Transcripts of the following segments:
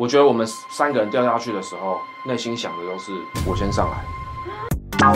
我覺得我們三個人掉下去的時候，內心想的都是我先上來。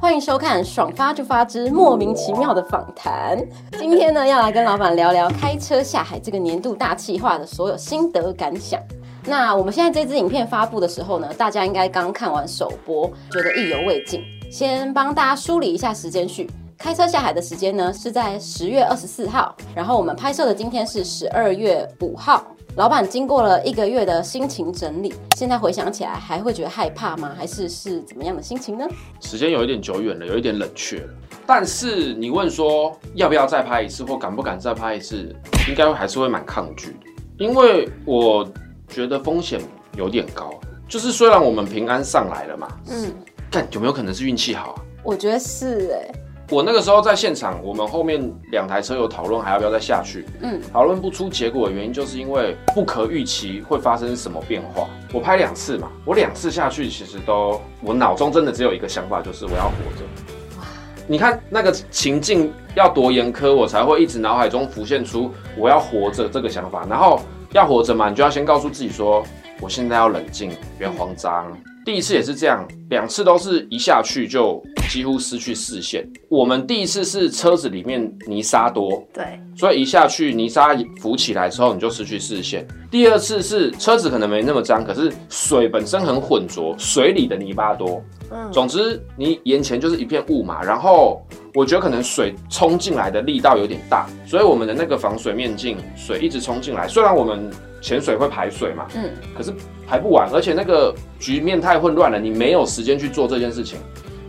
歡迎收看《爽發就發之莫名其妙的訪談》。今天呢，要來跟老板聊聊開車下海這個年度大企劃的所有心得感想。那我們現在這支影片發布的時候呢，大家應該剛看完首播，覺得意猶未盡。先幫大家梳理一下時間序。開車下海的時間呢，是在十月二十四號。然後我們拍攝的今天是十二月五號。老闆經過了一個月的心情整理，現在回想起來還會覺得害怕嗎？還是是怎麼樣的心情呢？時間有一點久遠了，有一點冷卻了。但是你問說要不要再拍一次，或敢不敢再拍一次，應該還是會蠻抗拒的，因為我覺得風險有點高。就是雖然我們平安上來了嘛，嗯，但有沒有可能是運氣好啊？我覺得是欸。我那個時候在現場，我們後面兩台車有討論還要不要再下去，嗯，討論不出結果的原因就是因為不可預期會發生什麼變化。我拍兩次嘛，我兩次下去其實都，我腦中真的只有一個想法，就是我要活着。哇，你看那個情境要多嚴苛，我才會一直腦海中浮現出我要活着這個想法。然後要活着嘛，你就要先告訴自己說，我現在要冷靜，別慌張。嗯第一次也是這樣，兩次都是一下去就幾乎失去視線。我們第一次是車子裡面泥沙多，對，所以一下去泥沙浮起來之後你就失去視線。第二次是車子可能沒那麼髒，可是水本身很渾濁，水裡的泥巴多，嗯，總之你眼前就是一片霧嘛。然後我覺得可能水衝進來的力道有點大，所以我們的那個防水面鏡水一直衝進來，雖然我們。潛水會排水嘛？嗯，可是排不完，而且那個局面太混亂了，你沒有時間去做這件事情。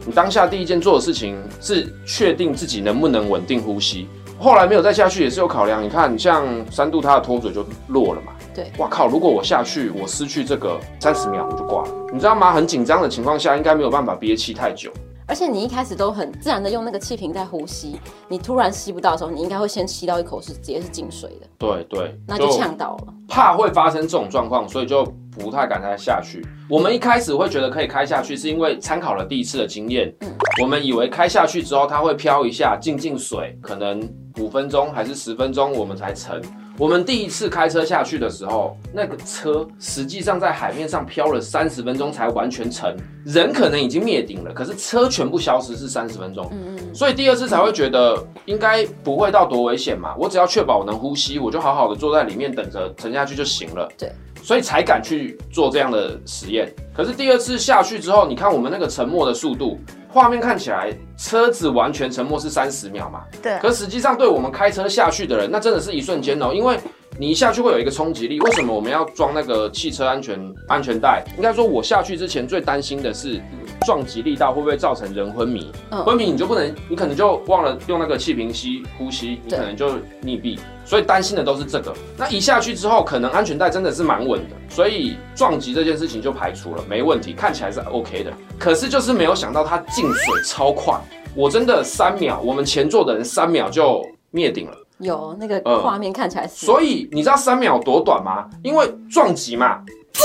你當下第一件做的事情是確定自己能不能穩定呼吸。後來沒有再下去也是有考量。你看，像三度他的脫嘴就落了嘛。對，哇靠！如果我下去，我失去這個三十秒，我就掛了，你知道嗎？很緊張的情況下，應該沒有辦法憋氣太久。而且你一開始都很自然的用那個氣瓶在呼吸，你突然吸不到的時候，你應該會先吸到一口是直接是進水的，對對對，那就嗆到了，怕會發生這種狀況，所以就。不太敢再下去。我們一開始會覺得可以開下去，是因為參考了第一次的經驗。嗯，我們以為開下去之後它會飄一下，進進水，可能五分鐘還是十分鐘我們才沉。嗯。我們第一次開車下去的時候，那個車實際上在海面上漂了三十分鐘才完全沉，人可能已經滅頂了，可是車全部消失是三十分鐘。嗯嗯。所以第二次才會覺得應該不會到多危險嘛。我只要確保我能呼吸，我就好好的坐在裡面等着沉下去就行了。對。所以才敢去做這樣的實驗。可是第二次下去之後，你看我們那個沉沒的速度，畫面看起來車子完全沉沒是三十秒嘛。對。可實際上，對我們開車下去的人，那真的是一瞬間哦。因為你一下去會有一個衝擊力。為什麼我們要裝那個汽車安全安全帶？應該說，我下去之前最擔心的是。撞擊力道會不會造成人昏迷？嗯，昏迷你就不能，你可能就忘了用那個氣瓶吸呼吸，你可能就溺斃。所以擔心的都是這個。那一下去之後，可能安全帶真的是蠻穩的，所以撞擊這件事情就排除了，沒問題，看起來是 OK 的。可是就是沒有想到它進水超快，我真的三秒，我們前座的人三秒就滅頂了。有那個畫面、嗯、看起來是。所以你知道三秒多短嗎？因為撞擊嘛，這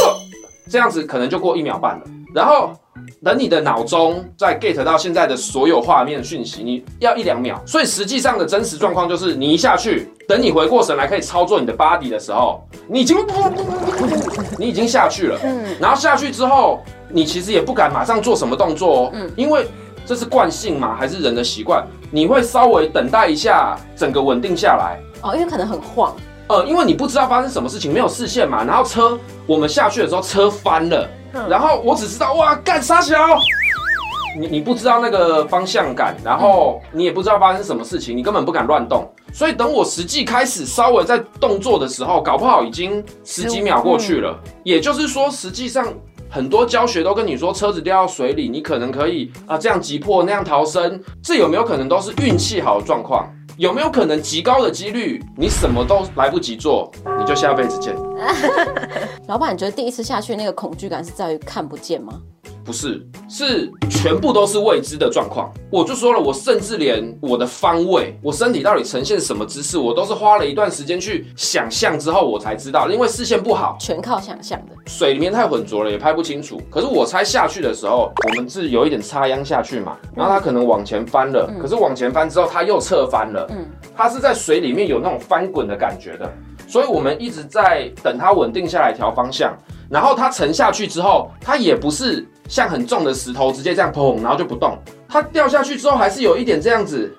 這樣子可能就過一秒半了，然後。等你的腦中再 get 到現在的所有畫面訊息，你要一兩秒。所以實際上的真實狀況就是，你一下去，等你回過神來可以操作你的 body 的時候，你已經 你已經下去了。嗯。然後下去之後，你其實也不敢馬上做什麼動作哦。嗯。因為這是慣性嘛，還是人的習慣，你會稍微等待一下，整個穩定下來。哦，因為可能很晃。呃，因為你不知道發生什麼事情，沒有視線嘛。然後車，我們下去的時候車翻了。然後我只知道哇，幹殺小，你你不知道那個方向感，然後你也不知道發生什麼事情，你根本不敢亂動。所以等我實際開始稍微在動作的時候，搞不好已經十幾秒過去了。嗯、也就是說，實際上很多教學都跟你說車子掉到水裡，你可能可以啊這樣急迫那樣逃生，這有沒有可能都是運氣好的狀況？有沒有可能極高的幾率，你什麼都來不及做，你就下輩子見。 老闆，你覺得第一次下去那個恐懼感是在於看不見嗎？不是，是全部都是未知的狀況。我就說了，我甚至連我的方位，我身體到底呈現什麼姿勢，我都是花了一段時間去想象之後，我才知道。因為視線不好，全靠想象的。水裡面太渾濁了，也拍不清楚。可是我猜下去的時候，我們是有一點插秧下去嘛，然後它可能往前翻了，嗯、可是往前翻之後，它又側翻了。嗯，它是在水裡面有那種翻滾的感覺的，所以我們一直在等它穩定下來調方向。然後它沉下去之後，它也不是。像很重的石頭，直接這樣砰，然後就不動。它掉下去之後，還是有一點這樣子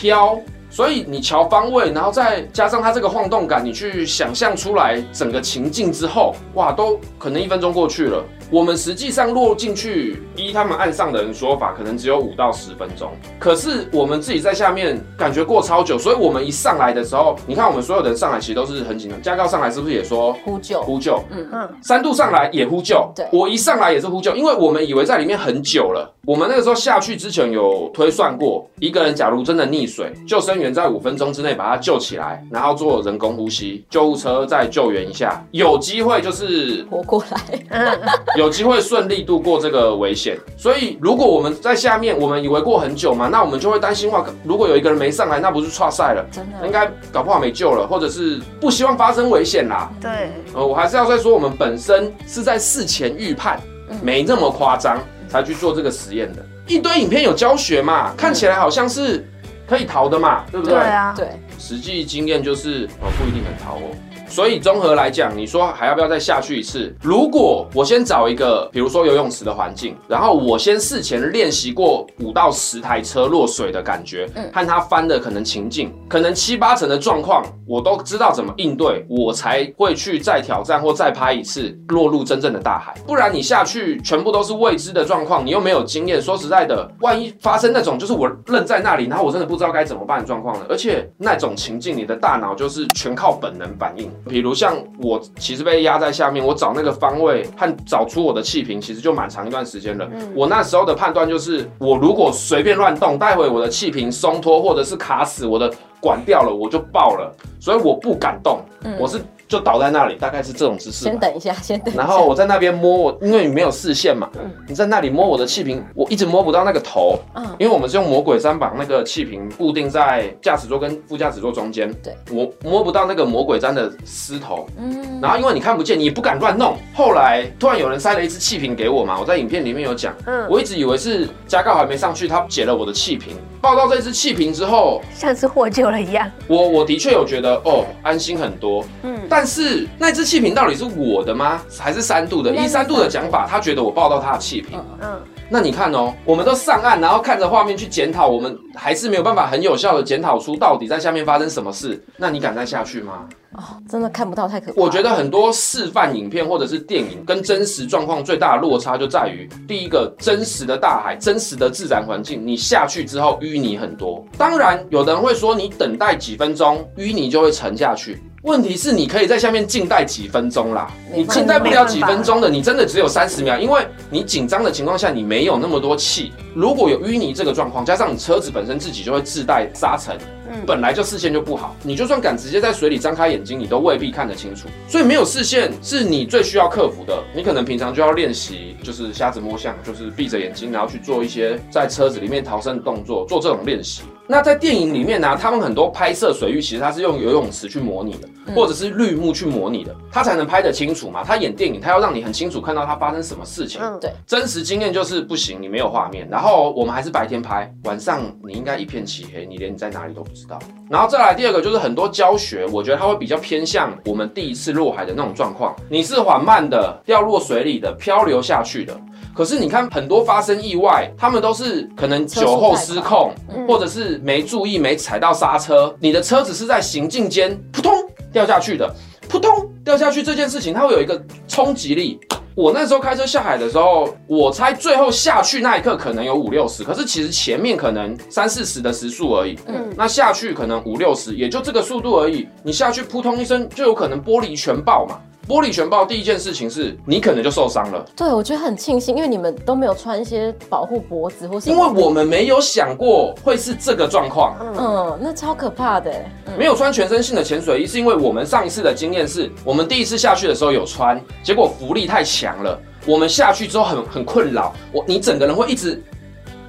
飄。所以你瞧方位，然後再加上它這個晃動感，你去想象出來整個情境之後，哇，都可能一分鐘過去了。我們實際上落進去，依他們岸上的人說法，可能只有五到十分鐘。可是我們自己在下面感覺過超久，所以我們一上來的時候，你看我們所有人上來其實都是很緊張。加告上來是不是也說呼救？呼救，嗯嗯。三度上來也呼救。對，我一上來也是呼救，因為我們以為在裡面很久了。我們那個時候下去之前有推算過，一個人假如真的溺水，救生員在五分鐘之內把他救起來，然後做人工呼吸，救護車再救援一下，有機會就是活過來。 有機會順利度過這個危險，所以如果我們在下面，我們以為過很久嘛，那我們就會擔心話，如果有一個人沒上來，那不是挫賽了。真的，應該搞不好沒救了，或者是不希望發生危險啦。對，呃，我還是要再說，我們本身是在事前預判、嗯，沒那麼誇張，才去做這個實驗的。一堆影片有教學嘛，看起來好像是可以逃的嘛，嗯、對不對？對啊，對，實際經驗就是，我，不一定能逃哦。所以綜合來講，你說還要不要再下去一次？如果我先找一個，比如說游泳池的環境，然後我先事前練習過五到十台車落水的感覺，嗯，看它翻的可能情境，可能七八成的狀況，我都知道怎麼應對，我才會去再挑戰或再拍一次落入真正的大海。不然你下去全部都是未知的狀況，你又沒有經驗。說實在的，萬一發生那種就是我愣在那裡，然後我真的不知道該怎麼辦的狀況了。而且那種情境，你的大腦就是全靠本能反應。比如像我其實被壓在下面，我找那個方位和找出我的氣瓶，其實就蠻長一段時間了。嗯。我那時候的判斷就是，我如果隨便亂動，待會我的氣瓶鬆脫或者是卡死，我的管掉了，我就爆了。所以我不敢動，嗯。我是。就倒在那裡，大概是這種姿勢。先等一下，先等一下。然後我在那邊摸我，因為你沒有視線嘛，嗯、你在那裡摸我的氣瓶，我一直摸不到那個頭。嗯。因為我們是用魔鬼氈把那個氣瓶固定在駕駛座跟副駕駛座中間。對。摸摸不到那個魔鬼氈的絲頭。嗯。然後因為你看不見，你也不敢亂弄。後來突然有人塞了一支氣瓶給我嘛，我在影片裡面有講。嗯。我一直以為是加高還沒上去，他解了我的氣瓶。抱到這支氣瓶之後，像是獲救了一樣。我我的確有覺得哦，安心很多。嗯。但。但是那只氣瓶到底是我的嗎？還是三度的？以三度的講法，他覺得我抱到他的氣瓶。嗯，那你看哦，我們都上岸，然後看着畫面去檢討，我們還是沒有辦法很有效的檢討出到底在下面發生什麼事。那你敢再下去嗎？Oh，真的看不到，太可怕。我覺得很多示範影片，或者是電影跟真實狀況最大的落差就在於，第一個，真實的大海，真實的自然環境，你下去之後淤泥很多。當然，有人會說你等待幾分鐘淤泥就會沉下去，問題是你可以在下面靜待幾分鐘啦，你靜待不了幾分鐘的，你真的只有三十秒，因為你緊張的情況下你沒有那麼多氣。如果有淤泥這個狀況，加上你車子本身自己就會自帶沙塵。本來就視線就不好，你就算敢直接在水裡張開眼睛，你都未必看得清楚。所以沒有視線是你最需要克服的。你可能平常就要練習，就是瞎子摸象，就是閉着眼睛，然後去做一些在車子裡面逃生的動作，做這種練習。那在電影裡面呢、啊，他們很多拍攝水域其實它是用游泳池去模擬的，或者是綠幕去模擬的，它、嗯、才能拍得清楚嘛。他演電影，他要讓你很清楚看到他發生什麼事情。嗯、對，真實經驗就是不行，你沒有畫面。然後我們還是白天拍，晚上你應該一片漆黑，你連你在哪裡都不知道。然後再來第二個就是很多教學，我覺得他會比較偏向我們第一次落海的那種狀況，你是緩慢的掉落水裡的，漂流下去的。可是你看，很多發生意外，他們都是可能酒後失控，或者是沒注意、嗯、沒踩到剎車。你的車子是在行進間撲通掉下去的，撲通掉下去這件事情，它會有一個衝擊力。我那時候開車下海的時候，我猜最後下去那一刻可能有五六十，可是其實前面可能三四十的時速而已。嗯，那下去可能五六十，也就這個速度而已。你下去撲通一聲，就有可能玻璃全爆嘛。玻璃全爆，第一件事情是你可能就受傷了。對，我覺得很慶幸，因為你們都沒有穿一些保護脖子或是。因為我們沒有想過會是這個狀況。嗯，那超可怕的。沒有穿全身性的潛水衣，是因為我們上一次的經驗是，我們第一次下去的時候有穿，結果浮力太強了，我們下去之後很很困擾。我，你整個人會一直。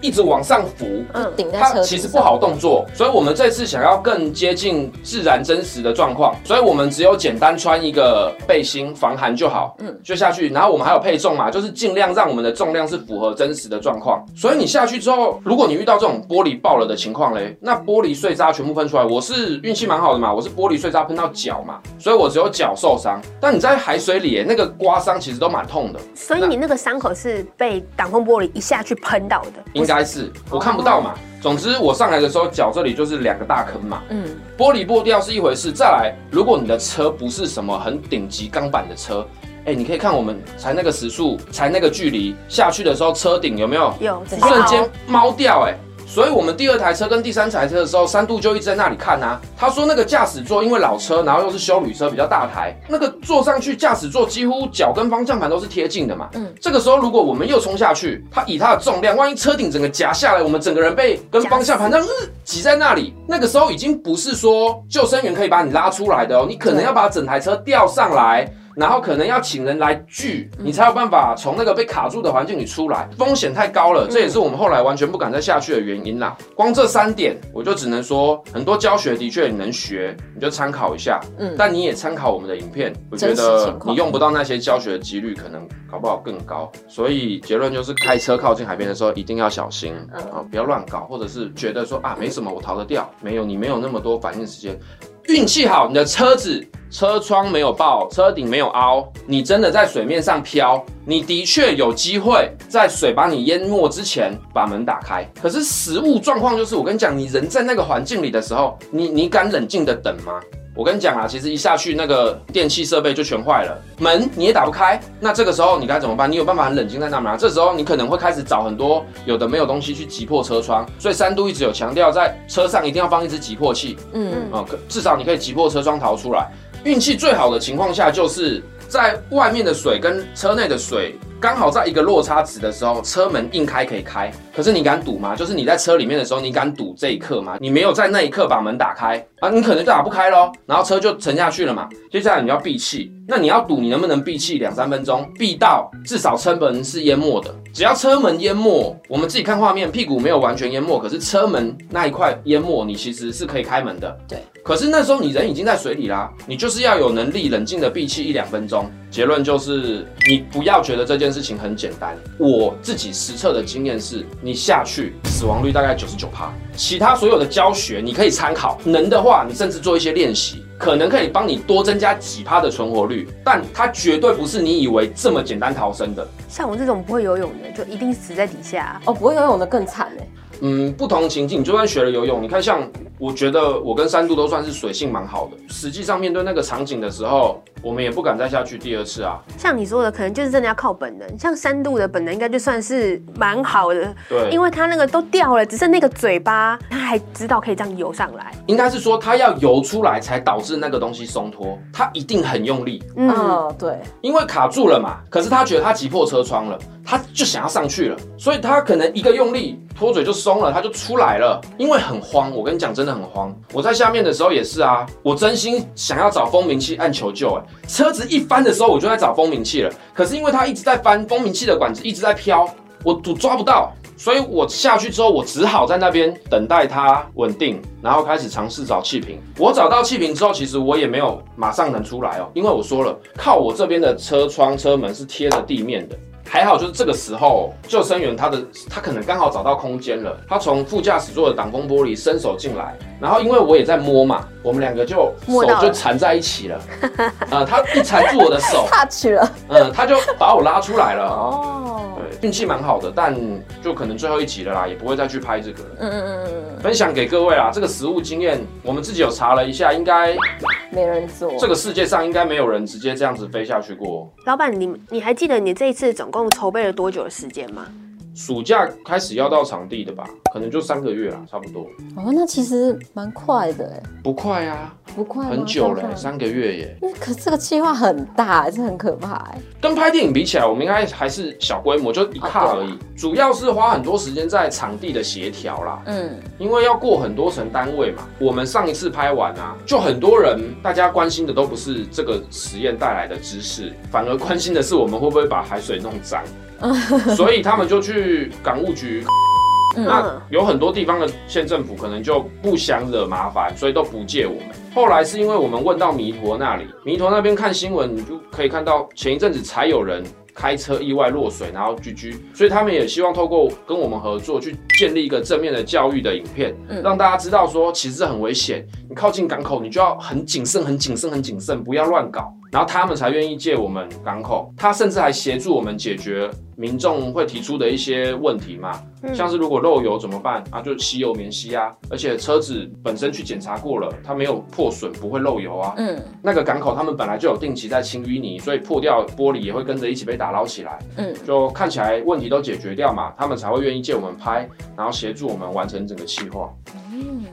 一直往上浮，嗯，頂，它其實不好動作，所以我們這次想要更接近自然真實的狀況，所以我們只有簡單穿一個背心防寒就好，嗯，就下去，然後我們還有配重嘛，就是盡量讓我們的重量是符合真實的狀況。所以你下去之後，如果你遇到這種玻璃爆了的情況嘞，那玻璃碎渣全部噴出來，我是運氣蠻好的嘛，我是玻璃碎渣噴到腳嘛，所以我只有腳受傷。但你在海水裡那個刮傷其實都蠻痛的，所以你那個傷口是被擋風玻璃一下去噴到的。嗯應該是我看不到嘛。總之我上來的時候，腳這裡就是兩個大坑嘛。嗯，玻璃破掉是一回事。再來，如果你的車不是什麼很頂級鋼板的車，哎，你可以看我們才那個時速，才那個距離下去的時候，車頂有沒有有瞬間貓掉哎、欸。所以，我們第二台車跟第三台車的時候，三度就一直在那裡看啊。他說那個駕駛座，因為老車，然後又是休旅車比較大台，那個坐上去駕駛座幾乎腳跟方向盤都是貼近的嘛。嗯，這個時候如果我們又衝下去，它以它的重量，萬一車頂整個夾下來，我們整個人被跟方向盤這樣，嗯、呃，擠在那裡，那個時候已經不是說救生員可以把你拉出來的哦，你可能要把整台車吊上來。然後可能要請人來救你，才有辦法從那個被卡住的環境裡出來。風險太高了，這也是我們後來完全不敢再下去的原因啦。光這三點，我就只能說，很多教學的確你能學，你就參考一下。嗯。但你也參考我們的影片，我覺得你用不到那些教學的幾率可能搞不好更高。所以結論就是，開車靠近海邊的時候一定要小心啊，不要亂搞，或者是覺得說啊沒什麼，我逃得掉，沒有，你沒有那麼多反應時間。運氣好，你的車子車窗沒有爆，車頂沒有凹，你真的在水面上飄，你的確有機會在水把你淹沒之前把門打開。可是實務狀況就是，我跟你講，你人在那個環境裡的時候，你你敢冷靜的等嗎？我跟你講啊，其實一下去那個電器設備就全壞了，門你也打不開。那這個時候你該怎麼辦？你有辦法很冷靜在那嗎、啊？這時候你可能會開始找很多有的沒有東西去擊破車窗。所以三度一直有強調，在車上一定要放一支擊破器。嗯，嗯，啊、嗯，至少你可以擊破車窗逃出來。運氣最好的情況下就是。在外面的水跟車內的水剛好在一個落差值的時候，車門硬開可以開，可是你敢賭嗎？就是你在車裡面的時候，你敢賭這一刻嗎？你沒有在那一刻把門打開啊，你可能就打不開咯，然後車就沉下去了嘛。接下來你要閉氣，那你要賭，你能不能閉氣兩三分鐘？閉到至少車門是淹沒的，只要車門淹沒，我們自己看畫面，屁股沒有完全淹沒，可是車門那一塊淹沒，你其實是可以開門的。對。可是那時候你人已經在水裡啦，你就是要有能力冷靜的閉氣一兩分鐘。結論就是，你不要覺得這件事情很簡單。我自己實測的經驗是，你下去死亡率大概九十九趴。其他所有的教學你可以參考，能的話你甚至做一些練習，可能可以幫你多增加幾趴的存活率。但它絕對不是你以為這麼簡單逃生的。像我這種不會游泳的，就一定死在底下。哦，不會游泳的更慘欸。嗯，不同情境，就算學了游泳，你看像我覺得我跟三度都算是水性蠻好的。實際上面對那個場景的時候，我們也不敢再下去第二次啊。像你說的，可能就是真的要靠本能。像三度的本能應該就算是蠻好的，對，因為他那個都掉了，只剩那個嘴巴，他還知道可以這樣游上來。應該是說他要游出來，才導致那個東西鬆脫，他一定很用力。嗯、哦，對，因為卡住了嘛。可是他覺得他擠破車窗了，他就想要上去了，所以他可能一個用力，脫嘴就鬆。慌了，它就出來了，因為很慌。我跟你講，真的很慌。我在下面的時候也是啊，我真心想要找蜂鳴器按求救。誒，車子一翻的時候，我就在找蜂鳴器了。可是因為它一直在翻，蜂鳴器的管子一直在飄，我都抓不到，所以我下去之後，我只好在那邊等待它穩定，然後開始嘗試找氣瓶。我找到氣瓶之後，其實我也沒有馬上能出來哦，因為我說了，靠我這邊的車窗、車門是貼着地面的。還好，就是這個時候，救生員他的他可能剛好找到空間了，他從副駕駛座的擋風玻璃伸手進來，然後因為我也在摸嘛，我們兩個就手就纏在一起了，了，呃，他一纏住我的手了，呃，他就把我拉出來了。哦。運氣蠻好的，但就可能最後一集了啦，也不會再去拍這個了。嗯嗯嗯嗯，分享給各位啦，這個實務經驗。我們自己有查了一下，應該沒人做。這個世界上應該沒有人直接這樣子飛下去過。老闆，你你還記得你這一次總共籌備了多久的時間嗎？暑假開始要到場地的吧，可能就三個月啦，差不多。哦，那其實蠻快的。不快啊，不快，很久了，看看，三個月耶。可這個計劃很大，是很可怕。跟拍電影比起來，我們應該還是小規模，就一卡而已，oh, 對啊。主要是花很多時間在場地的協調啦，嗯，因為要過很多層單位嘛。我們上一次拍完啊，就很多人，大家關心的都不是這個實驗帶來的知識，反而關心的是我們會不會把海水弄髒。 所以他們就去港務局，那有很多地方的縣政府可能就不想惹麻煩，所以都不借我們。後來是因為我們問到彌陀那裡，彌陀那邊看新聞，你就可以看到前一陣子才有人開車意外落水，然後 GG。所以他們也希望透過跟我們合作，去建立一個正面的教育的影片，讓大家知道說其實這很危險，你靠近港口你就要很謹慎、很謹慎、很謹慎，不要亂搞。然後他們才願意借我們港口，他甚至還協助我們解決民眾會提出的一些問題嘛，嗯、像是如果漏油怎麼辦啊，就吸油棉吸啊，而且車子本身去檢查過了，它沒有破損，不會漏油啊。嗯，那個港口他們本來就有定期在清淤泥，所以破掉玻璃也會跟着一起被打撈起來。嗯，就看起來問題都解決掉嘛，他們才會願意借我們拍，然後協助我們完成整個企劃。嗯。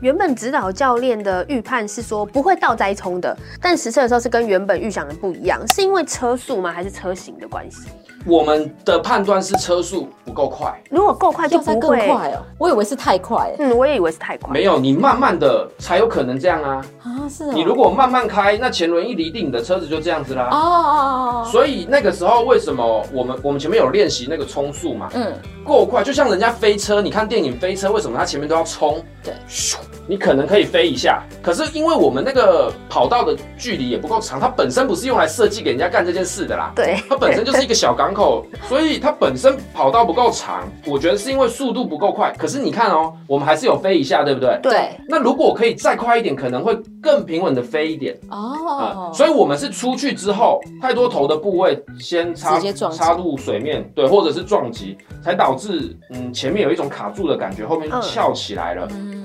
原本指導教練的預判是說不會倒栽蔥的，但實測的時候是跟原本預想的不一樣，是因為車速嗎？還是車型的關係？我們的判斷是車速不夠快，如果夠快就不，就會更快哦、喔。我以為是太快，嗯，嗯我也以為是太快。沒有，你慢慢的才有可能這樣啊。啊，是、喔。你如果慢慢開，那前輪一離地，你的車子就這樣子啦。哦哦哦哦。所以那個時候為什麼我們我們前面有練習那個衝速嘛？嗯，夠快，就像人家飛車，你看電影飛車，為什麼它前面都要衝？對。咻你可能可以飛一下，可是因為我們那個跑道的距離也不夠長，它本身不是用來設計給人家幹這件事的啦。對，它本身就是一個小港口， 所以它本身跑道不夠長，我覺得是因為速度不夠快。可是你看哦、喔，我們還是有飛一下，對不對？對。那如果可以再快一點，可能會更平穩的飛一點。哦、oh. 嗯。所以我們是出去之後，太多頭的部位先插插入水面，對，或者是撞擊，才導致嗯前面有一種卡住的感覺，後面就翹起來了。嗯嗯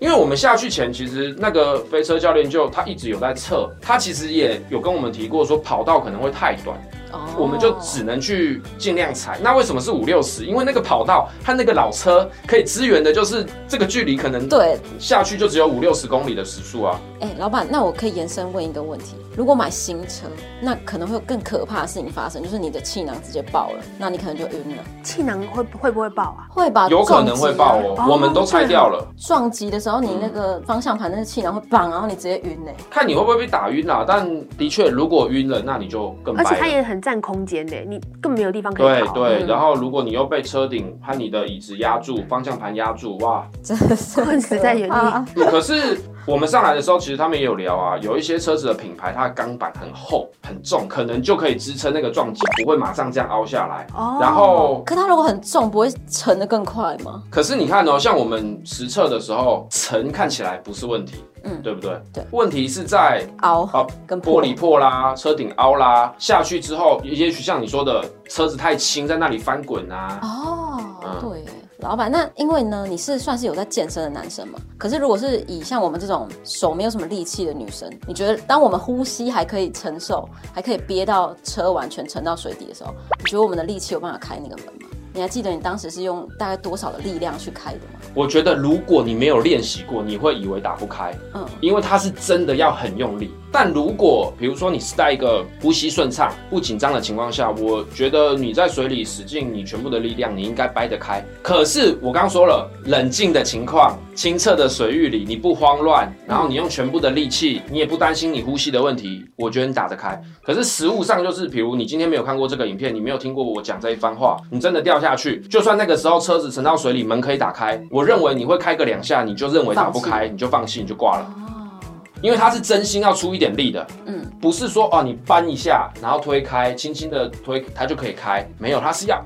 因為我們下去前，其實那個飛車教練就他一直有在測，他其實也有跟我們提過，說跑道可能會太短。Oh. 我們就只能去盡量踩。那為什麼是五六十？因為那個跑道它那個老車可以支援的，就是這個距離可能對下去就只有五六十公里的時速啊。哎、欸，老闆，那我可以延伸問一個問題：如果買新車，那可能會有更可怕的事情發生，就是你的氣囊直接爆了，那你可能就暈了。氣囊會會不會爆啊？會吧、啊，有可能會爆哦。哦我們都拆掉了。撞擊的時候，你那個方向盤那個氣囊會爆，然後你直接暈呢、嗯。看你會不會被打暈啦、啊？但的確，如果暈了，那你就更而且它也很。佔空間的、欸，你更沒有地方可以跑。對對、嗯，然後如果你又被車頂和你的椅子壓住，方向盤壓住，哇，真的是問題在原地、啊 嗯。可是我們上來的時候，其實他們也有聊啊，有一些車子的品牌，它的鋼板很厚很重，可能就可以支撐那個撞擊，不會馬上這樣凹下來。哦，然後可它如果很重，不會沉得更快嗎？可是你看哦，像我們實測的時候，沉看起來不是問題。嗯、對不對？對，問題是在凹好、啊，跟玻璃破啦，車頂凹啦，下去之後，也許像你說的，車子太輕，在那裡翻滾啊。哦，嗯、對，老板，那因為呢，你是算是有在健身的男生嘛？可是如果是以像我們這種手沒有什麼力氣的女生，你覺得，當我們呼吸還可以承受，還可以憋到車完全沉到水底的時候，你覺得我們的力氣有辦法開那個門嗎？你還記得你當時是用大概多少的力量去開的嗎？我覺得如果你沒有練習過，你會以為打不開。嗯，因為它是真的要很用力。但如果比如說你是在一個呼吸順暢、不緊張的情況下，我覺得你在水裡使勁你全部的力量，你應該掰得開。可是我剛剛說了，冷靜的情況、清澈的水域裡，你不慌亂，然後你用全部的力氣，你也不擔心你呼吸的問題，我覺得你打得開。可是實物上就是，比如你今天沒有看過這個影片，你沒有聽過我講這一番話，你真的掉下來，下去，就算那個時候車子沉到水裡，門可以打開，我認為你會開個兩下，你就認為打不開，你就放棄，你就掛了。哦、oh.，因為他是真心要出一點力的，嗯，不是說哦，你扳一下，然後推開，輕輕的推它就可以開，沒有，它是要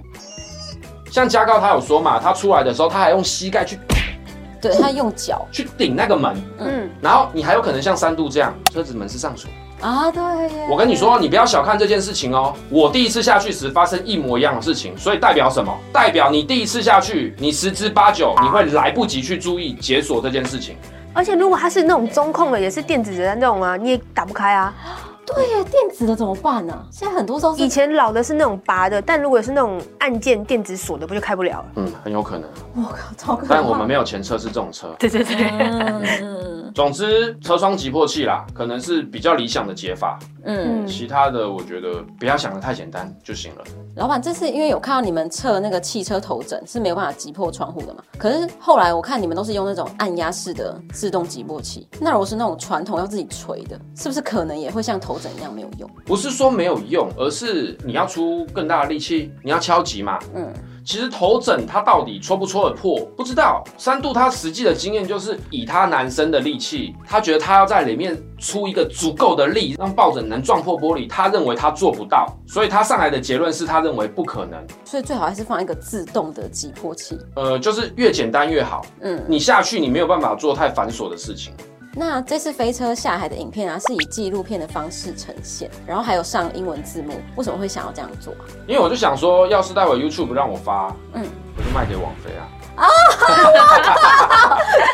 像加高他有說嘛，他出來的時候他還用膝蓋去，對，他用腳去頂那個門，嗯，然後你還有可能像三度這樣，車子門是上鎖。啊、ah,，對，我跟你說，你不要小看這件事情哦。我第一次下去時發生一模一樣的事情，所以代表什麼？代表你第一次下去，你十之八九你會來不及去注意解鎖這件事情。而且如果它是那種中控的，也是電子的那種啊，你也打不開啊。對呀，電子的怎麼辦呢、啊？現在很多都是以前老的是那種拔的，但如果是那種按鍵電子鎖的，不就開不了了？嗯，很有可能。我、哦、靠，超可怕！但我們沒有前車是這種車。對對對。嗯 總之，車窗擊破器啦，可能是比較理想的解法。嗯，其他的我覺得不要想得太簡單就行了。老闆，這是因為有看到你們測那個汽車頭枕是沒有辦法擊破窗戶的嘛？可是後來我看你們都是用那種按壓式的自動擊破器，那如果是那種傳統要自己錘的，是不是可能也會像頭枕一樣沒有用？不是說沒有用，而是你要出更大的力氣、嗯，你要敲擊嘛。嗯。其實頭枕它到底戳不戳得破，不知道。三度他實際的經驗就是，以他男生的力氣，他覺得他要在裡面出一個足夠的力，讓抱枕能撞破玻璃，他認為他做不到，所以他上來的結論是他認為不可能。所以最好還是放一個自動的擊破器。呃，就是越簡單越好。嗯，你下去你沒有辦法做太繁瑣的事情。那這次飛車下海的影片啊，是以紀錄片的方式呈現，然後還有上英文字幕。為什麼會想要這樣做啊？因為我就想說，要是待會 YouTube 不讓我發，嗯，我就賣給網飛啊。啊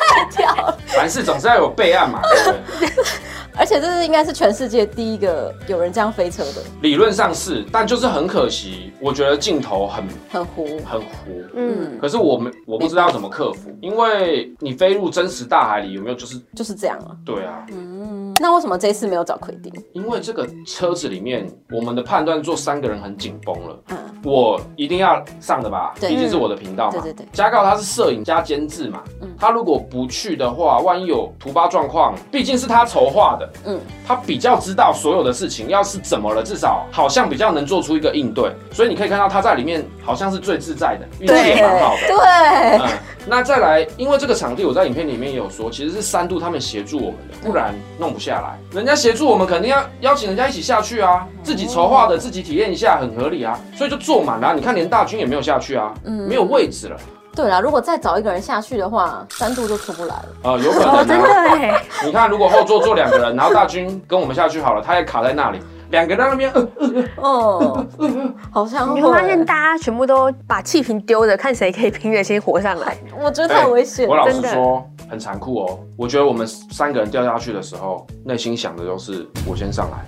太屌了，凡事總是要有備案嘛。 對不對 而且這是應該是全世界第一個有人這樣飛車的，理論上是，但就是很可惜，我覺得鏡頭很很糊，很糊，嗯。可是我們我不知道怎麼克服，因為你飛入真實大海裡，有沒有就是就是這樣啊。對啊。嗯，那為什麼這一次沒有找奎丁？因為這個車子裡面，我們的判斷坐三個人很緊繃了。嗯。我一定要上的吧，畢竟是我的頻道嘛、嗯。對對對，對。加告他是攝影加監製嘛，他如果不去的話，萬一有突發狀況，畢竟是他籌劃的。嗯，他比較知道所有的事情要是怎麼了，至少好像比較能做出一個應對，所以你可以看到他在裡面好像是最自在的，運氣也蠻好的對。對，嗯，那再來，因為這個場地我在影片裡面也有說，其實是三度他們協助我們的，不然弄不下來。人家協助我們，肯定要邀請人家一起下去啊，自己籌劃的，自己體驗一下很合理啊，所以就坐滿了啊。你看連大軍也沒有下去啊，嗯，沒有位置了。對啦，如果再找一個人下去的話，三度就出不來了。啊、呃，有可能，哦，真的哎，啊。你看，如果後座坐兩個人，然後大軍跟我們下去好了，他也卡在那裡，兩個人在那邊。嗯、呃呃哦呃，好像會。我發現大家全部都把氣瓶丟着，看誰可以平着先活上來。我覺得，欸、太危險，真的。我老實說，很殘酷哦。我覺得我們三個人掉下去的時候，內心想的都是我先上來。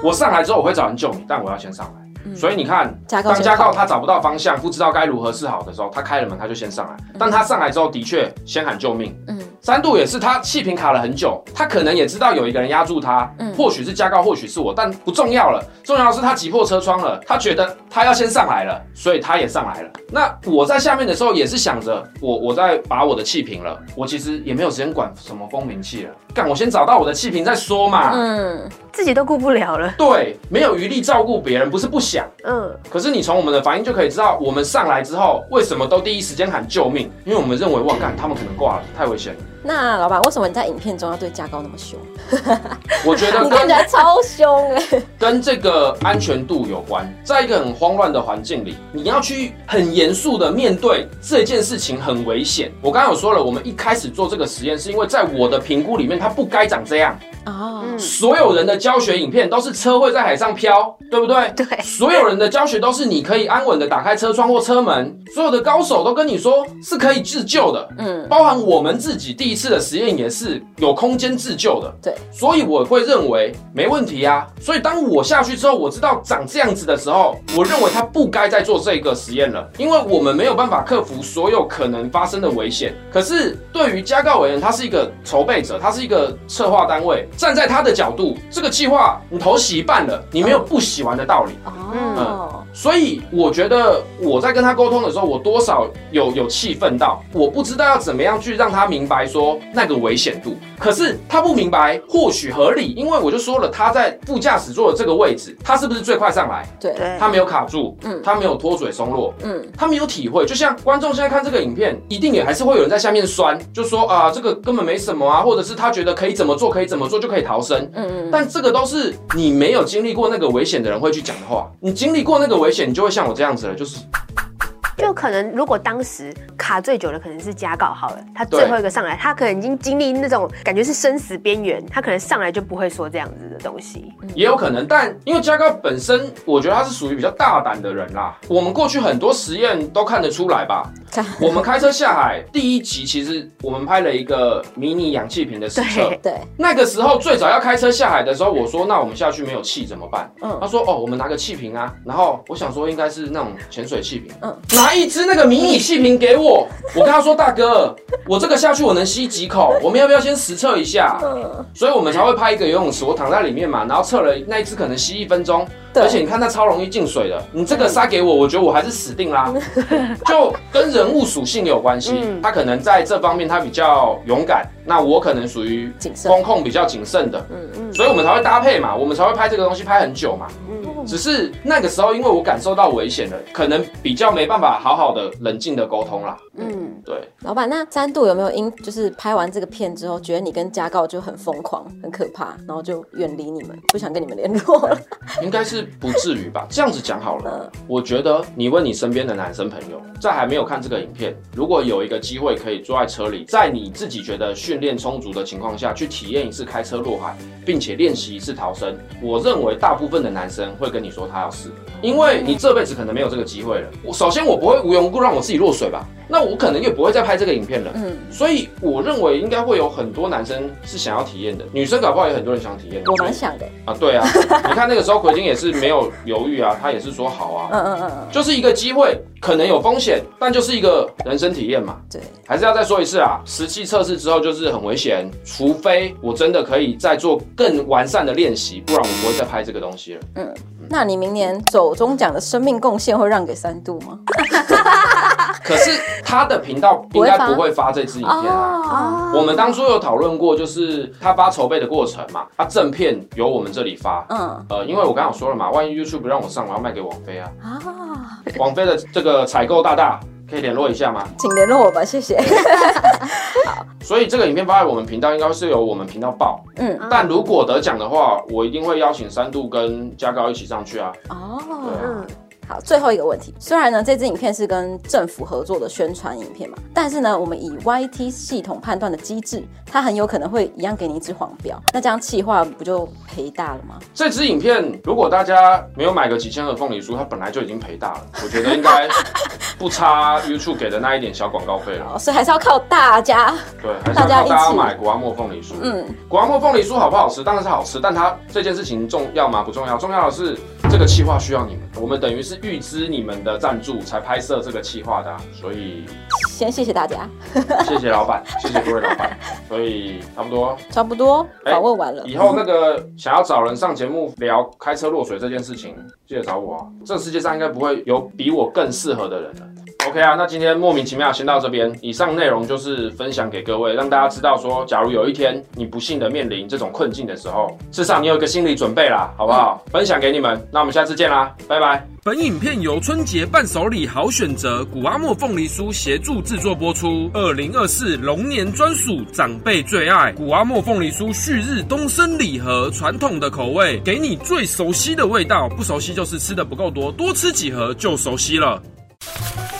我上來之後，我會找人救你，但我要先上來。所以你看，嗯，加當加告他找不到方向，不知道該如何是好的時候，他開了門，他就先上來。但他上來之後，的確先喊救命。嗯，三度也是他氣瓶卡了很久，他可能也知道有一個人壓住他，嗯，或許是加告，或許是我，但不重要了。重要的是他擠破車窗了，他覺得他要先上來了，所以他也上來了。那我在下面的時候，也是想着我我在把我的氣瓶了，我其實也沒有時間管什麼蜂鳴器了，幹我先找到我的氣瓶再說嘛。嗯，自己都顧不了了。對，沒有餘力照顧別人，不是不行。講，嗯，可是你從我們的反應就可以知道，我們上來之後為什麼都第一時間喊救命，因為我們認為哇，幹，他們可能掛了，太危險了。那老板，為什麼你在影片中要對加高那麼凶？ 我覺得你看起來超凶誒，跟這個安全度有關。在一個很慌亂的環境裡，你要去很嚴肅的面對這件事情，很危險。我剛剛有說了，我們一開始做這個實驗，是因為在我的評估裡面，它不該長這樣。啊、oh, 嗯，所有人的教學影片都是車會在海上飄，對不對？對，所有人的教學都是你可以安穩的打開車窗或車門，所有的高手都跟你說是可以自救的，嗯，包含我們自己第一次的實驗也是有空間自救的，對，所以我會認為沒問題啊。所以當我下去之後，我知道長這樣子的時候，我認為他不該再做這個實驗了，因為我們沒有辦法克服所有可能發生的危險。可是對於加告委員，他是一個籌備者，他是一個策劃單位。站在他的角度，這個計劃你頭洗一半了，你沒有不洗完的道理。哦、oh. 嗯，所以我覺得我在跟他溝通的時候，我多少有有氣憤到，我不知道要怎麼樣去讓他明白說那個危險度。可是他不明白，或許合理，因為我就說了，他在副駕駛座的這個位置，他是不是最快上來？對，他沒有卡住，嗯，他沒有脫嘴鬆落，嗯，他沒有體會。就像觀眾現在看這個影片，一定也還是會有人在下面酸，就說啊，這個根本沒什麼啊，或者是他覺得可以怎麼做可以怎麼做。就可以逃生。嗯嗯，但這個都是你沒有經歷過那個危險的人會去講的話。你經歷過那個危險，你就會像我這樣子了，就是。就可能，如果當時卡最久的可能是加稿，好了，他最後一個上來，他可能已經經歷那種感覺是生死邊緣，他可能上來就不會說這樣子的東西，嗯。嗯、也有可能，但因為加稿本身，我覺得他是屬於比較大膽的人啦。我們過去很多實驗都看得出來吧？我們開車下海第一集，其實我們拍了一個迷你氧氣瓶的實測。對，那個時候最早要開車下海的時候，我說那我們下去沒有氣怎麼辦？嗯，他說哦，我們拿個氣瓶啊。然後我想說應該是那種潛水氣瓶。嗯。拿一支那個迷你氣瓶給我，我跟他說大哥，我這個下去我能吸幾口，我們要不要先實測一下？嗯，所以我們才會拍一個游泳池，我躺在裡面嘛，然後測了那一支可能吸一分鐘，而且你看它超容易進水的，你這個殺給我，我覺得我還是死定啦，就跟人物屬性有關係，他可能在這方面他比較勇敢。那我可能屬於風控比較謹慎的，嗯，所以我們才會搭配嘛，我們才會拍這個東西拍很久嘛，嗯，只是那個時候因為我感受到危險了，可能比較沒辦法好好的冷靜的溝通啦，嗯，對，老板，那三度有沒有因，就是拍完這個片之後，覺得你跟家告就很瘋狂很可怕，然後就遠離你們，不想跟你們聯絡了？應該是不至於吧。這樣子講好了，我覺得你問你身邊的男生朋友，在還沒有看這個影片，如果有一個機會可以坐在車裡，在你自己覺得需訓練充足的情況下去體驗一次開車落海，並且練習一次逃生。我認為大部分的男生會跟你說他要死，因為你這輩子可能沒有這個機會了。我首先我不會無緣無故讓我自己落水吧。那我可能也不會再拍這個影片了。嗯，所以我認為應該會有很多男生是想要體驗的，女生搞不好也有很多人想體驗。我蠻想的啊，對啊。 你看那個時候，奎丁也是沒有猶豫啊，他也是說好啊。嗯嗯嗯，就是一個機會，可能有風險，但就是一個人生體驗嘛。對，還是要再說一次啊，實際測試之後就是很危險，除非我真的可以再做更完善的練習，不然我不會再拍這個東西了。嗯，嗯，那你明年走鐘獎的生命貢獻會讓給三度嗎？ 可是他的頻道應該不會發這支影片啊。我們當初有討論過，就是他發籌備的過程嘛、啊，他正片由我們這裡發。嗯，呃，因為我剛剛說了嘛，萬一 YouTube 不讓我上，我要賣給王菲啊。王菲的這個採購大大可以聯絡一下嗎？請聯絡我吧，謝謝。所以這個影片發在我們頻道，應該是由我們頻道報。嗯，但如果得獎的話，我一定會邀請三度跟嘉高一起上去啊。哦，好，最後一個問題。雖然呢，這支影片是跟政府合作的宣傳影片嘛，但是呢，我們以 YT 系統判斷的機制，它很有可能會一樣給你一支黃標。那這樣企劃不就賠大了嗎？這支影片如果大家沒有買個幾千盒鳳梨酥，它本來就已經賠大了。我覺得應該不差 YouTube 給的那一點小廣告費了啊。所以還是要靠大家，對，還是要靠大家買谷阿莫鳳梨酥。嗯，谷阿莫鳳梨酥好不好吃？當然是好吃。但它這件事情重要嗎？不重要。重要的是。這個企劃需要你們，我們等於是預支你們的贊助才拍攝這個企劃的，所以先謝謝大家， 謝謝老闆，謝謝各位老闆，所以差不多，差不多，訪問完了、欸。以後那個想要找人上節目聊開車落水這件事情，記得找我啊，這世界上應該不會有比我更適合的人了。OK 啊，那今天莫名其妙先到這邊。以上內容就是分享給各位，讓大家知道說，假如有一天你不幸的面臨這種困境的時候，至少你有一個心理準備啦，好不好？嗯、分享給你們，那我們下次見啦，拜拜。本影片由春節伴手禮好選擇谷阿莫鳳梨酥協助製作播出，二零二四龍年專屬長輩最愛谷阿莫鳳梨酥旭日東升禮盒，傳統的口味，給你最熟悉的味道。不熟悉就是吃的不夠多，多吃幾盒就熟悉了。